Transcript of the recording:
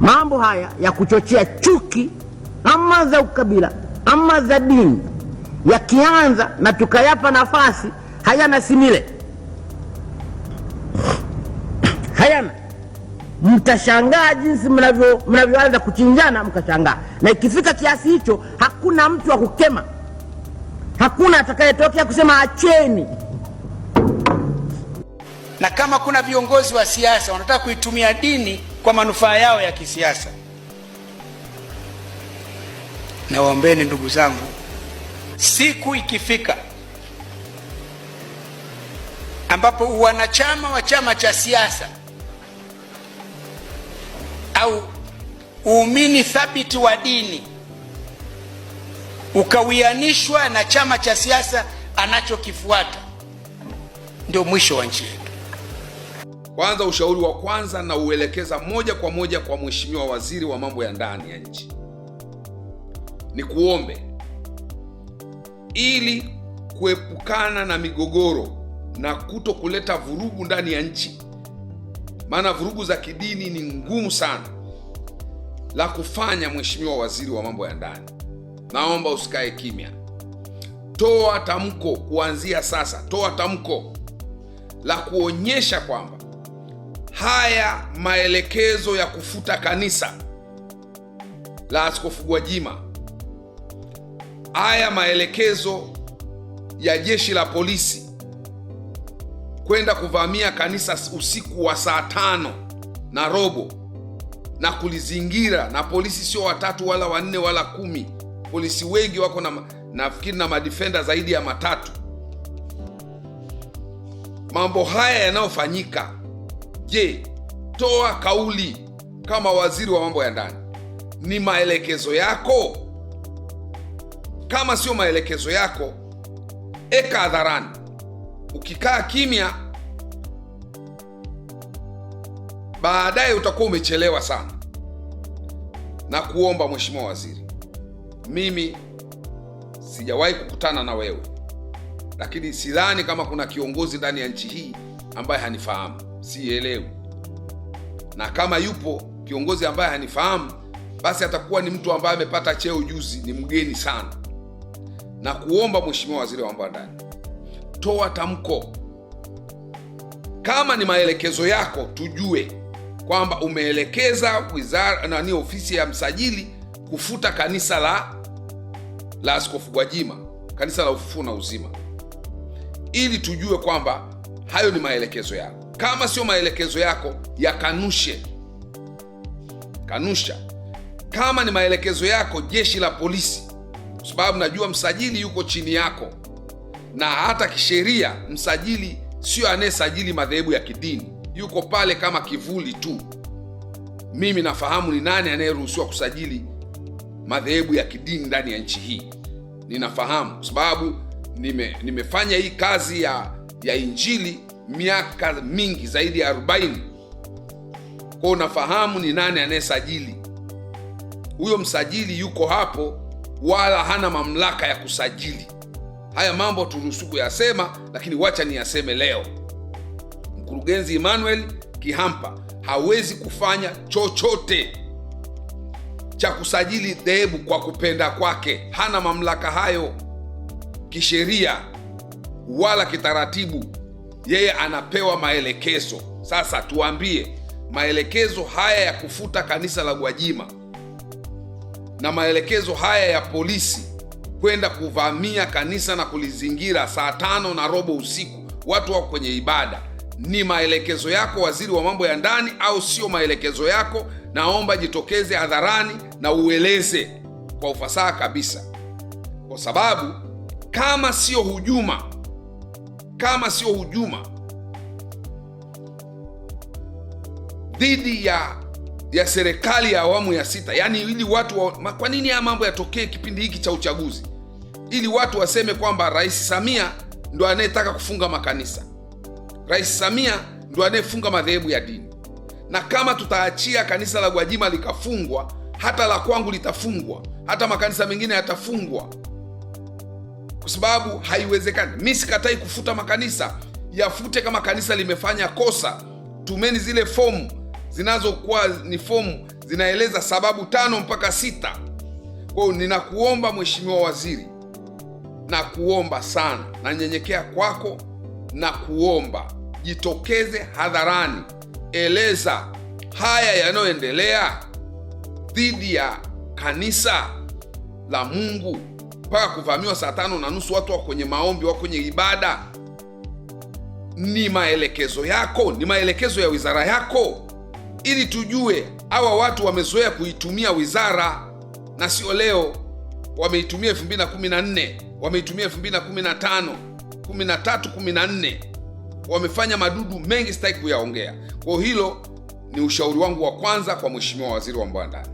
Mambo haya ya kuchochea chuki ama za ukabila ama za dini yakianza na tukayapa nafasi, hayana simile, hayana mtashangaa jinsi mnavyoanza kuchinjana, mkashangaa. Na ikifika kiasi hicho, hakuna mtu wa kukema, hakuna atakayetokea kusema acheni. Na kama kuna viongozi wa siasa wanataka kuitumia dini kwa manufaa yao ya kisiasa. Nawaombeni ndugu zangu, siku ikifika ambapo uwanachama wa chama cha siasa au uumini thabiti wa dini ukawianishwa na chama cha siasa anachokifuata, ndio mwisho wa nchi yetu. Kwanza, ushauri wa kwanza na uelekeza moja kwa moja kwa Mheshimiwa Waziri wa Mambo ya Ndani ya nchi, ni kuombe ili kuepukana na migogoro na kuto kuleta vurugu ndani ya nchi, maana vurugu za kidini ni ngumu sana la kufanya. Mheshimiwa Waziri wa Mambo ya Ndani, naomba usikae kimya, toa tamko kuanzia sasa, toa tamko la kuonyesha kwamba haya maelekezo ya kufuta kanisa la Askofu Gwajima, haya maelekezo ya jeshi la polisi kwenda kuvamia kanisa usiku wa saa tano na robo na kulizingira, na polisi sio watatu wala wanne wala kumi, polisi wengi wako na nafikiri na madifenda zaidi ya matatu. Mambo haya yanayofanyika Je, toa kauli kama waziri wa mambo ya ndani, ni maelekezo yako? Kama sio maelekezo yako, eka hadharani. Ukikaa kimya, baadaye utakuwa umechelewa sana. Na kuomba mweshimua Waziri, mimi sijawahi kukutana na wewe, lakini sidhani kama kuna kiongozi ndani ya nchi hii ambaye hanifahamu sielewi. Na kama yupo kiongozi ambaye hanifahamu, basi atakuwa ni mtu ambaye amepata cheo juzi, ni mgeni sana. Na kuomba Mheshimiwa Waziri wa Mambo ya Ndani, toa tamko kama ni maelekezo yako, tujue kwamba umeelekeza wizara ni ofisi ya msajili kufuta kanisa la la Askofu Gwajima, kanisa la Ufufuo na Uzima, ili tujue kwamba hayo ni maelekezo yako. Kama sio maelekezo yako, yakanushe, kanusha. Kama ni maelekezo yako, jeshi la polisi, kwa sababu najua msajili yuko chini yako, na hata kisheria msajili sio anayesajili madhehebu ya kidini, yuko pale kama kivuli tu. Mimi nafahamu ni nani anayeruhusiwa kusajili madhehebu ya kidini ndani ya nchi hii, ninafahamu kwa sababu nime, nimefanya hii kazi ya, ya Injili miaka mingi zaidi ya 40 kwa unafahamu ni nani anayesajili. Huyo msajili yuko hapo, wala hana mamlaka ya kusajili. Haya mambo turuhusu kuyasema, lakini wacha niyaseme leo. Mkurugenzi Emmanuel Kihampa hawezi kufanya chochote cha kusajili dhehebu kwa kupenda kwake. Hana mamlaka hayo kisheria wala kitaratibu yeye anapewa maelekezo. Sasa tuambie, maelekezo haya ya kufuta kanisa la Gwajima na maelekezo haya ya polisi kwenda kuvamia kanisa na kulizingira saa tano na robo usiku, watu wako kwenye ibada, ni maelekezo yako waziri wa mambo ya ndani au sio maelekezo yako? Naomba jitokeze hadharani na ueleze kwa ufasaha kabisa, kwa sababu kama sio hujuma kama sio hujuma dhidi ya ya serikali ya awamu ya sita, yaani ili watu wa, kwa nini haya mambo yatokee kipindi hiki cha uchaguzi? Ili watu waseme kwamba Rais Samia ndo anayetaka kufunga makanisa, Rais Samia ndo anayefunga madhehebu ya dini. Na kama tutaachia kanisa la Gwajima likafungwa, hata la kwangu litafungwa, hata makanisa mengine yatafungwa kwa sababu haiwezekani. Mi sikatai kufuta makanisa, yafute kama kanisa limefanya kosa. Tumeni zile fomu zinazokuwa ni fomu zinaeleza sababu tano mpaka sita. Kwa hiyo ninakuomba Mheshimiwa Waziri, nakuomba sana, nanyenyekea kwako na kuomba jitokeze hadharani, eleza haya yanayoendelea dhidi ya kanisa la Mungu mpaka kuvamiwa saa tano na nusu, watu wako kwenye maombi, wako kwenye ibada. Ni maelekezo yako, ni maelekezo ya wizara yako, ili tujue. Hawa watu wamezoea kuitumia wizara na sio leo. Wameitumia 2014 wameitumia 2015 13 wamefanya madudu mengi, sitaki kuyaongea. kwao hilo ni ushauri wangu wa kwanza kwa mheshimiwa waziri wa mambo ndani.